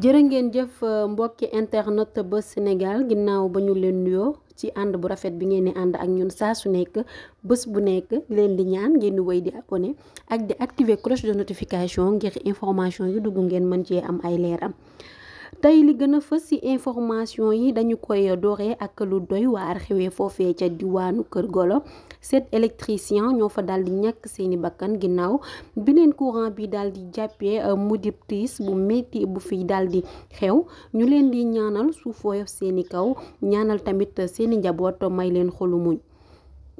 jërë ngeen jëf euh, mbokki internet ba Sénégal ginnaaw ba ñu leen nuyoo ci ànd bu rafet bi ngeen di ànd ak ñun saa su nekk bés bu nekk leen di ñaan ngeen di wéy di abonné ak di activer cloche de notification ngir information yu dugg ngeen mën cee am ay leeram tey li gën a fës ci information yi dañu koy dooree ak lu doy waar xewee foofee ca diwaanu Kër Golo sept électricien ñoo fa daal di ñàkk seeni bakkan ginnaaw bi leen courant bi daal di jàppee euh, mudib tiis bu métti bu fi daal di xew ñu leen di ñaanal suufoo seeni kaw ñaanal tamit seeni njaboot may leen xolu muñ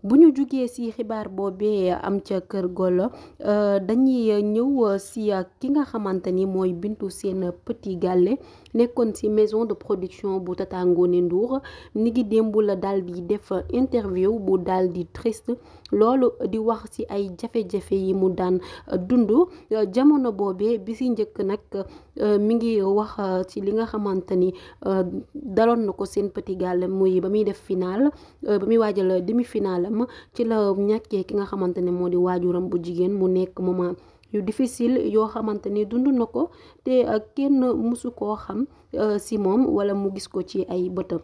bu ñu jugee si xibaar boobee am ca kër golo euh, dañuy ñëw si euh, euh, ki nga xamante ni mooy bintu seen Petit Gallé nekkoon si maison de production bu Tata Ngoné Ndour ni ngi démb la daal di def interview bu daal di triste loolu di wax si ay jafe-jafe yi mu daan dund jamono boobee bi si njëkk nag mi ngi wax ci li nga xamante ni daloon na ko seen Petit Gallé ba muy def final ba muy waajal demi-finale calme ci la ñàkkee ki nga xamante ne moo di waajuram bu jigéen mu nekk mu moment yu diffisil yoo xamante ni dund na ko te kenn mësu koo xam euh, si moom wala mu gis ko ci ay bëtam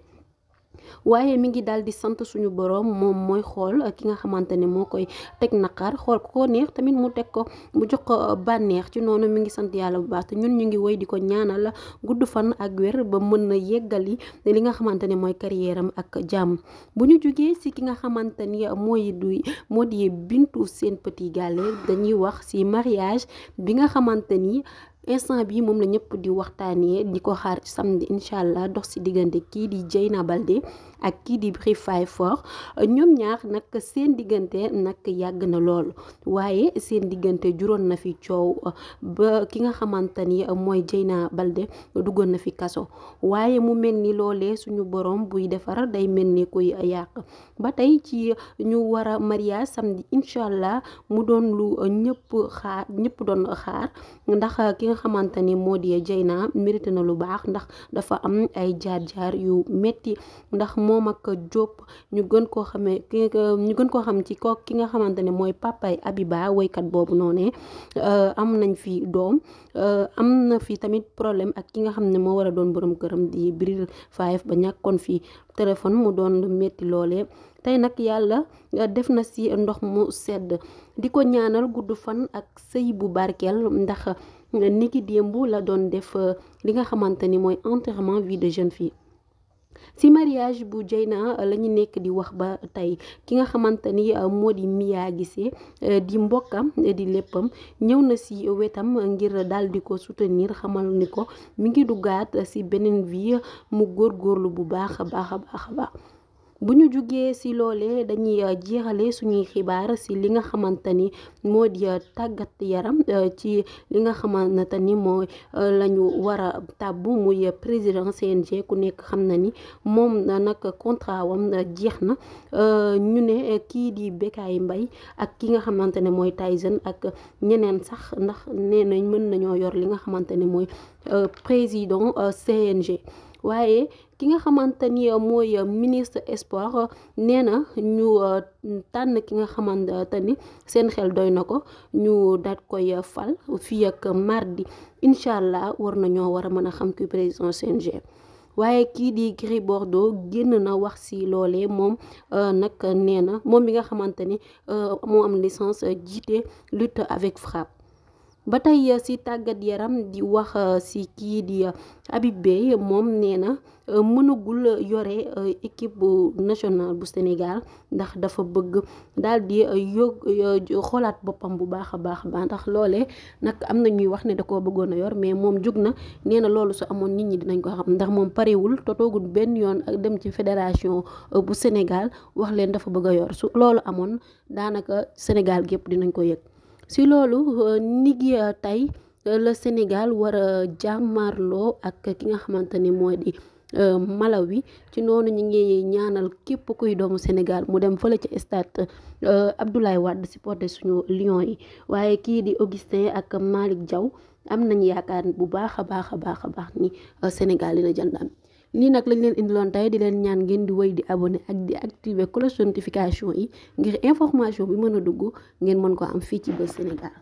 waaye mi ngi daal di sant suñu borom moom mooy xool ki nga xamante ne moo koy teg naqar xool ko neex tamit mu teg ko mu jox ko bànneex ci noonu mi ngi sant yàlla bu baax te ñun ñu ngi woy di ko ñaanal gudd fan ak wér ba mën na yeggali li nga xamante ne mooy carrière am ak jàmm bu ñu jógee si ki nga xamante ni mooy du moo di bintu Sène Petit Gallé dañuy wax si mariage bi nga xamante ni instant bi moom la ñëpp di waxtaanee di ko xaar samedi incha allah dox si diggante kii di Dieyna Baldé ak kii di Bry Faye ñoom ñaar nag seen diggante nag yàgg na lool waaye seen diggante juróon na fi coow uh, ba ki nga xamante ni uh, mooy Dieyna Baldé duggoon na fi kaso waaye mu mel ni loolee suñu borom buy defar day mel ni koy yàq ba tey ci ñu war a mariage samedi incha allah mu doon lu uh, ñëpp xaar ñëpp doon xaar ndax ki nga xamante ni moo di Dieyna mérité na lu baax ndax dafa am ay jaar-jaar yu métti ndax moom ak Diop ñu gën koo xamee ki ñu gën koo xam ci ko ki nga xamante ne mooy pàppaay Abiba woykat boobu noonu euh, am nañ fi doom euh, am na fi tamit problème ak ki nga xam ne moo war doon borom këram di Bril Five ba ñàkkoon fi téléphone mu doon métti loolee tey nag yàlla euh, def na si ndox mu sedd di ko ñaanal gudd fan ak sëy bu barkeel ndax niki démb la doon def euh, li nga xamante ni mooy enterrement vie de jeune fille. si mariage bu Dieyna euh, la ñu nekk di wax ba tey ki nga xamante ni euh, moo di Mia Guissé di mbokkam di léppam ñëw na si wetam ngir daal di ko soutenir xamal ni ko mu ngi duggaat si beneen vie mu góor góorlu bu baax a baax a baax a baax. bu ñu jugee si loolee dañuy euh, jeexale suñuy xibaar si li nga xamante ni moo di euh, tàggat yaram euh, ci li nga xamante ni mooy la ñu war a tàbbu muy président CNG ku nekk xam na ni moom nag contrat wam jeex na ñu ne kii di Bécaye mbay ak ki nga xamante ne mooy Tyson ak ñeneen sax ndax ne nañ mën nañoo yor li nga xamante ne mooy président CNG. waaye ki nga xamante ni euh, mooy euh, ministre sport euh, nee na ñu tànn ki nga xamante ni seen xel doy na ko ñu daat koy fal fii ak mardi incha allah war nañoo war a mën a xam ki président CNG. waaye kii di Gris Bordeaux génn na wax si loolee moom nag nee na moom bi nga xamante ni moo am licence jiite lutte avec frappe. ba tey eh, si tàggat yaram di wax eh, si kii di eh, Habib Beye moom nee na mënagul yore équipe nationale bu Sénégal ndax dafa bëgg daal di yóg xoolaat boppam bu baax a baax ba ndax loole nag am na ñuy wax ne da koo bëggoon a yor mais moom jóg na nee na loolu su amoon nit ñi dinañ ko xam ndax moom parewul te toogul benn yoon ak dem ci fédération bu Sénégal wax leen dafa bëgg a yor su loolu amoon daanaka Sénégal gépp dinañ ko yëg si loolu euh, ni gi euh, tey euh, la Sénégal war a jàmmarloo ak ki nga xamante ni mooy di Malawi ci noonu ñu ngi ñaanal képp kuy doomu Sénégal mu dem fële ca stade Abdoulaye Wade supporter suñu Lions yi waaye kii di Augustin ak Malick Diaw am nañ yaakaar bu baax a baax a baax a baax ni Sénégal dina jëndam lii nag lañ leen indiloon tey di leen ñaan ngeen di way di abone ak di activer cloche notification yi ngir information bi mën a dugg ngeen mën ko am fii ci Buzz Sénégal